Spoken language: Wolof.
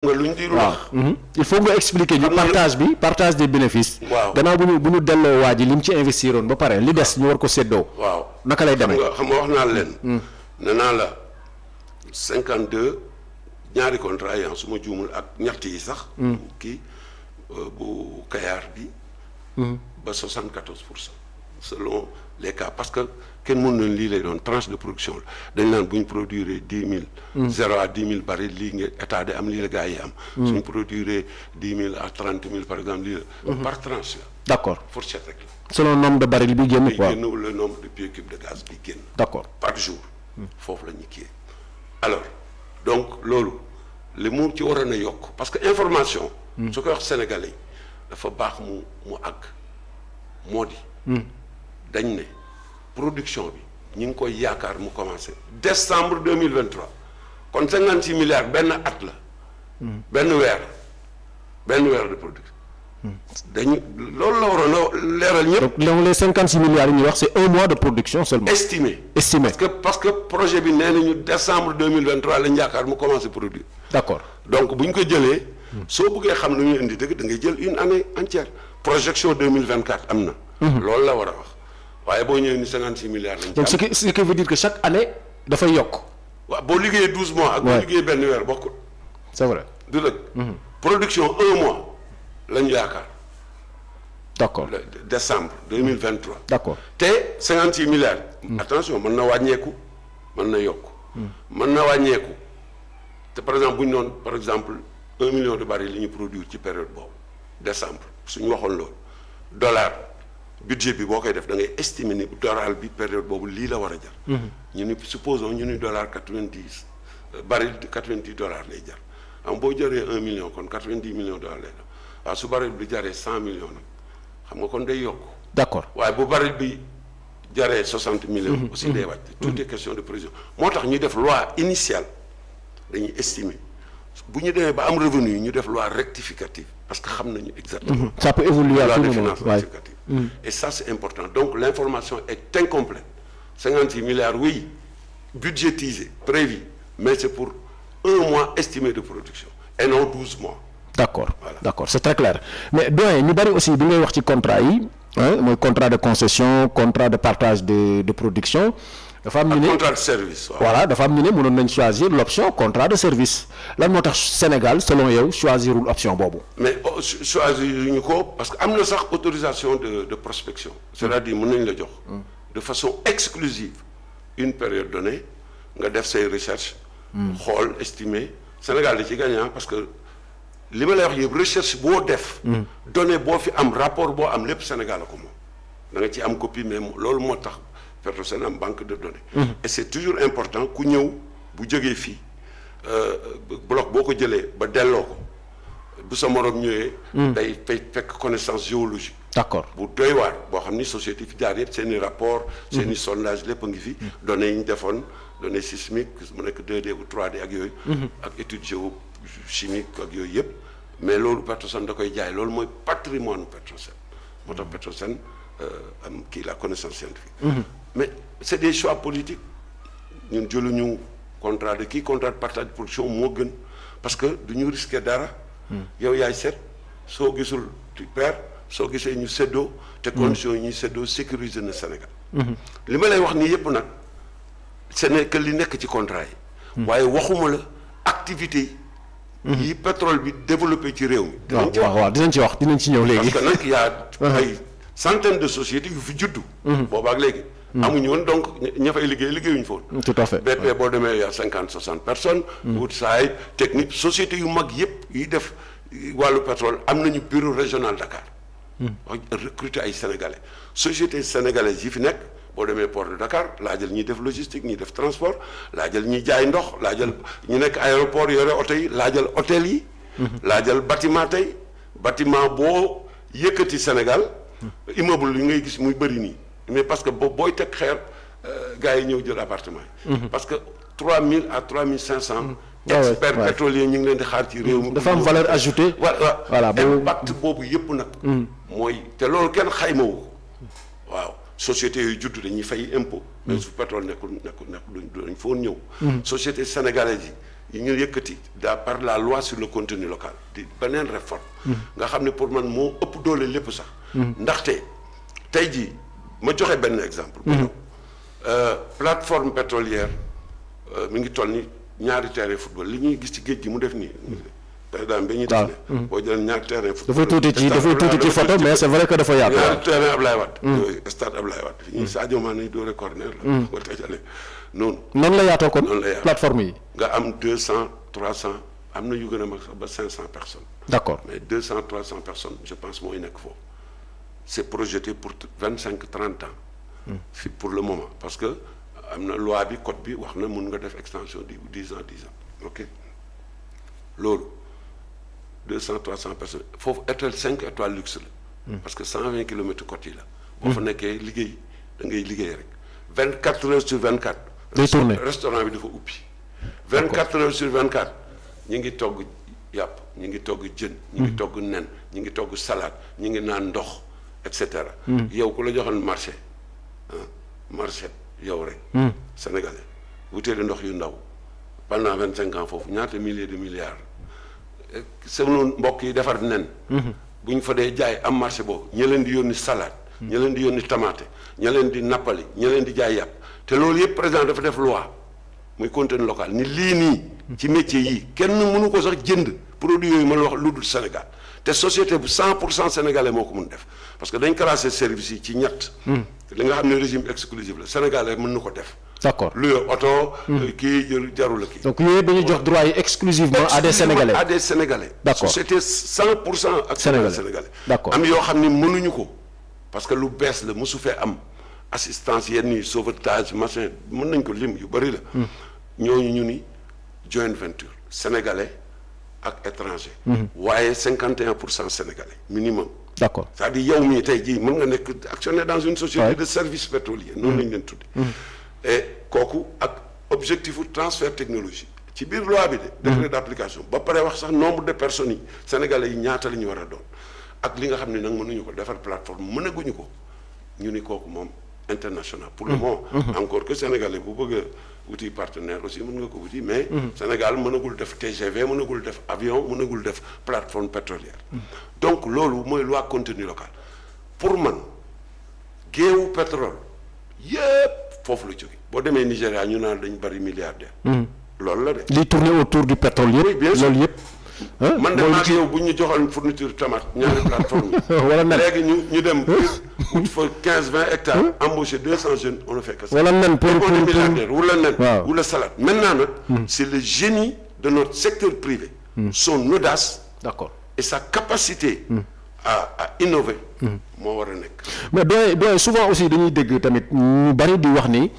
nga luñ di wax mhm. il faut nga expliquer ñu partage bi partage des bénéfices waaw gannaaw bu ñu bu ñu delloo waa ji li mu ci investiron ba pare li des ñu war ko séddoo waaw naka lay demee xam nga wax naa leen mhm. ne naa la cinquante deux ñaari contrat yi su ma juumul ak ñett yi sax mhm. kii euh, bu Kayar bi ba selon les parce que kenn mun nañ lii lay doon tranche de production la dañ naan bu ñu produire dix mille. Mm. zéro à dix mille baril lii nga état de am lii la gars yi am. Mm. suñ produire dix mille à trente mille par exemple lii la. Mm-hmm. par tranche la. d' accord fourchette rek la. selon nombre de baril bi génn quoi génn le nombre de pieds cubes de gaz bi génn. d' mm. foofu la ñu kii alors donc loolu li mu ci waroon a yokk parce que information. su koy wax sénégalais dafa baax mu mu àgg moo di. dañ ne production bi ñu ngi koy yaakaar mu commencé décembre deux mille vingt trois kon cinquante six milliards benn at la. benn weer benn weer de production. dañu loolu la waroon a leeral ñëpp. donc donc les cinquante six milliards yi ñuy wax c'est un mois de production seulement. estimé estimé que parce bi nee nañu décembre deux mille vingt trois lañ yaakaar mu commencé produire. d'accord donc bu ñu ko jëlee. soo bëggee xam lu ñu indi dëgg da ngay jël une année entière projection deux mille vingt quatre am na. Mhm. la war a wax. waaye boo ñëwee ni cinquante six milliards lañ. donc ce qui ce qui veut chaque année dafay yokk. waa boo liggéeyee douze mois. ak boo liggéeyee benn weer bokkul. c'est mhm. production un mois lañu yaakaar. d'accord décembre deux mille vingt trois. d'accord te cinquante six milliards. Mhm. attention mën na wàññeeku mën na yokk. Mhm. mën na wàññeeku te par exemple bu ñu doon par exemple un million de bari li ñu produit ci période boobu décembre suñu waxoon loolu dollar. budget bi boo koy def da ngay estimer ni dollar bi période boobu lii la war a jar. Mhm. ñu ni supposons ñu ni dollar quatre vingt dix euh, baril quatre vingt dix dollars lay jar am boo jaree un million kon quatre vingt dix millions dollars lay def waaw su baril bi jaree cent millions nag xam nga kon day yokk. d'accord waaye bu baril bi jaree soixante millions. Mhm. aussi day mhm. wàcc tout question de prévision moo tax ñu def loi initiale dañuy estimer. bu ñu demee ba am revenu ñu def loi rectificative parce que xam nañu exactement. ça Mmh. Et ça, c'est important. Donc, l'information est incomplète. 56 milliards, oui, budgétisés, prévus, mais c'est pour un mois estimé production et non 12 mois. D'accord, voilà. d'accord, c'est très ñu bari aussi bi ngay wax ci contrat yi mooy contrat de concession contrat de partage de de production dafa am ñu ne contrat de voilà dafa am ñu ne nañ choisir l' option contrat de service lan moo tax Sénégal selon yow choisirul option boobu. mais oh, o choisiruñu ko parce que am na sax autorisation de de prospection. c'est-à-dire mun nañu la jox. Hmm. de façon exclusive une période donnée nga def say recherche. Hmm. xool estimer Sénégal di ci gagnant ah, parce que li ma lay wax yëpp recherche boo def. Hmm. donnée boo fi am rapport boo am lépp Sénégal la ko moom da ci am copie mais loolu moo tax. perte am banque de données. Mm -hmm. et c' toujours important ku ñëw bu jógee fii euh, bloc boo ko jëlee ba delloo ko bu sa morom ñëwee. Hmm. day fay fekk connaissance géologique. d' accord bu doy waar boo xam ni société fi jaar yëpp seen rapport hmm. seen i sondage lépp a ngi fi. Hmm. donne yi ñu defoon données sismiques mu nekk 2D ou 3D ak yooyu. ak étude géochimique ak yooyu yëpp. mais loolu Petrosen da koy jaay loolu mooy patrimoine Petrosen moo tax Petrosen euh, am kii la connaissance scientifique. mais c'est des choix politiques ñu jëluñu contrat de kii contrat de partage de production moo gën parce que du ñu risquer dara. Hmm. yow yaay set soo gisul tu perds soo gisee ñu seddoo te hmm. conditions yi ñuy séddoo sécuriser na Sénégal. Hmm. li ma lay wax nii yëpp nag ce n'est li nekk ci contrat yi. waaye waxuma la activité yi. yi pétrole bi développé ci réew mi. dinañ ci wax dinañ ci wax dinañ ci ñëw léegi. parce que nag y a uh-huh. ay de sociétés yu fi juddu. boobaak léegi. Mm. amuñu woon donc ña fay liggéey liggéeyuñu fa woon. tout à fait BP boo demee y' a cinquante soixante personnes. Mm. Woodside technique société yu mag yëpp yi def wàllu pétrole am na ñu bureau régional Dakar. Mm. recruter ay sénégalais société sénégalaise yi fi nekk. boo demee port de Dakar laa jël ñuy def logistique ñuy def transport laajal jël ñuy jaay ndox laa jël ñu nekk aéroport yore oto yi laa jël hôtel yi. Mm-hmm. laa jël bâtiment tey bâtiment boo yëkkati Sénégal immeuble yi ngay gis muy bëri nii. mais parce que boo booy teg xeer euh, gars yi ñëw jël appartement yi. Mhm. parce que 3000 à 3500. expert pétrolier ñu ngi leen di xaar ci réew mi. Mhm. dafa am valeur ajoutée. boobu yëpp nag. Mhm. mooy te loolu kenn xaymawu ko waaw société yooyu judd dañuy fay impôt. mais su pétrole nekkul nekkul nekkul duñ foon ñëw. société sénégalaise yi ñu yëkkati daa par la loi sur le contenu local di beneen réforme. nga xam ne pour man moo ëpp doole lépp sax. ndaxte tey jii. ma joxe benn exemple. mu mhm. euh, plateforme pétrolière euh, mi ngi toll ni ñaari terrain football li ñuy gis ci géej gi mu def nii. président bi ñuy def ne. Mhm. boo jëlee ñaari terrain football. dafay tuuti ci dafay tuuti ci photo mais c'est vrai que mhm. la. boo tëjalee noonu. la yaatoo kon yi. nga am deux cent trois cent am na yu gën a mag sax ba cinq cent personnes. d'accord mais deux cent trois cent personnes je pense mooy nekk foofu. c'est projeté pour vingt cinq trente ans. Hmm. pour le moment parce que am na loi bi code bi wax na mun nga def extension di dix ans dix ans ok loolu deux cent trois cent personnes foofu hôtel cinq étoiles luxe la. Hmm. parce que cent vingt kilomètres côte yi la. Hmm. boo fa nekkee liggéey da ngay liggéey rek vingt quatre heures sur vingt quatre. day tourné restaurant bi dafa ubbi. vingt quatre heures sur vingt quatre ñu ngi togg yàpp ñu ngi togg jën. ñu ngi togg nen ñu ngi togg salade ñu ngi naan ndox. et cetera. Hmm. yow ku la joxoon marché ah, marché yow rek. Hmm. sénégalais wuteelu ndox yu ndaw pendant vingt cinq ans foofu ñaata milliers de milliards eh, sunu mbokk yi defar nen. Hmm. bu ñu fa dee jaay am marché boobu ña leen di yónni salaat ñu leen di yónni tomate ña leen di nappali ña leen di jaay yàpp te loolu yëpp président dafa def loi muy contenu local ni lii nii. ci métier yii kenn mënu ko sax jënd produit yooyu ma la wax lu dul Sénégal. te société bu cent pour cent sénégalais moo ko mun def parce que dañ classé service yi ci ñett. Hmm. li nga xam ne régime exclusif la sénégalais mën na ko def. d'accord luy oto. Hmm. kii jarul la kii. donc yooyu dañuy jox droit yi exclusivement à des sénégalais à des sénégalais. d'accord société 100 pour cent. ak sénégalais d'accord am yoo xam ne mënuñu ko parce que lu bees la mosu fee am assistance yenn yi sauvetage machin mën nañ ko lim yu bëri la. Hmm. ñooñu ñu ni joint venture sénégalais. ak étranger. waaye cinquante et un pour cent sénégalais minimum. d' accord c'est-à-dire yow mii tey jii mën nga nekk actionnaire dans une société de service pétrolier. noonu la ñu leen tuddee. Mm-hmm. et kooku ak objectif u transfert technologie. ci biir loi bi de. Mm-hmm. décret d' application ba pare wax sax nombre de personnes yi sénégalais yi ñaata la ñu war a doon ak li nga xam ne nag mënuñu ko defar plateforme mënaguñu ko ñu ni kooku moom. international pour le mmh. moment mmh. encore que sénégalais bu bëgg a wuti partenaire aussi mën nga ko wuti mais mmh. sénégal mënagul def tgv mënagul def avion mënagul def plateforme pétrolière donc loolu mooy loi contenu local pour man géewu pétrole yëpp foofu lu jóge boo demee nigéria ñu dañu bari bëri milliardaire lool la de li tourner autour du pétrole loolu yëpp man de maag yow bu ñu joxoon fourniture tomate ñaari plateforme yi wala léegi ñu ñu dem wut fa quinze vingt hectares. embaucher deux cent jeunes on ne fait que ça. wala nen pour pour on est milliardaire wala nen. waaw wala salade maintenant nag. Hmm. c' est le génie de notre secteur privé. Hmm. son audace. d' accord et sa capacité. Hmm. à à innover. moo war a nekk. mais doy doy souvent aussi dañuy dégg tamit ñu bari di wax ni.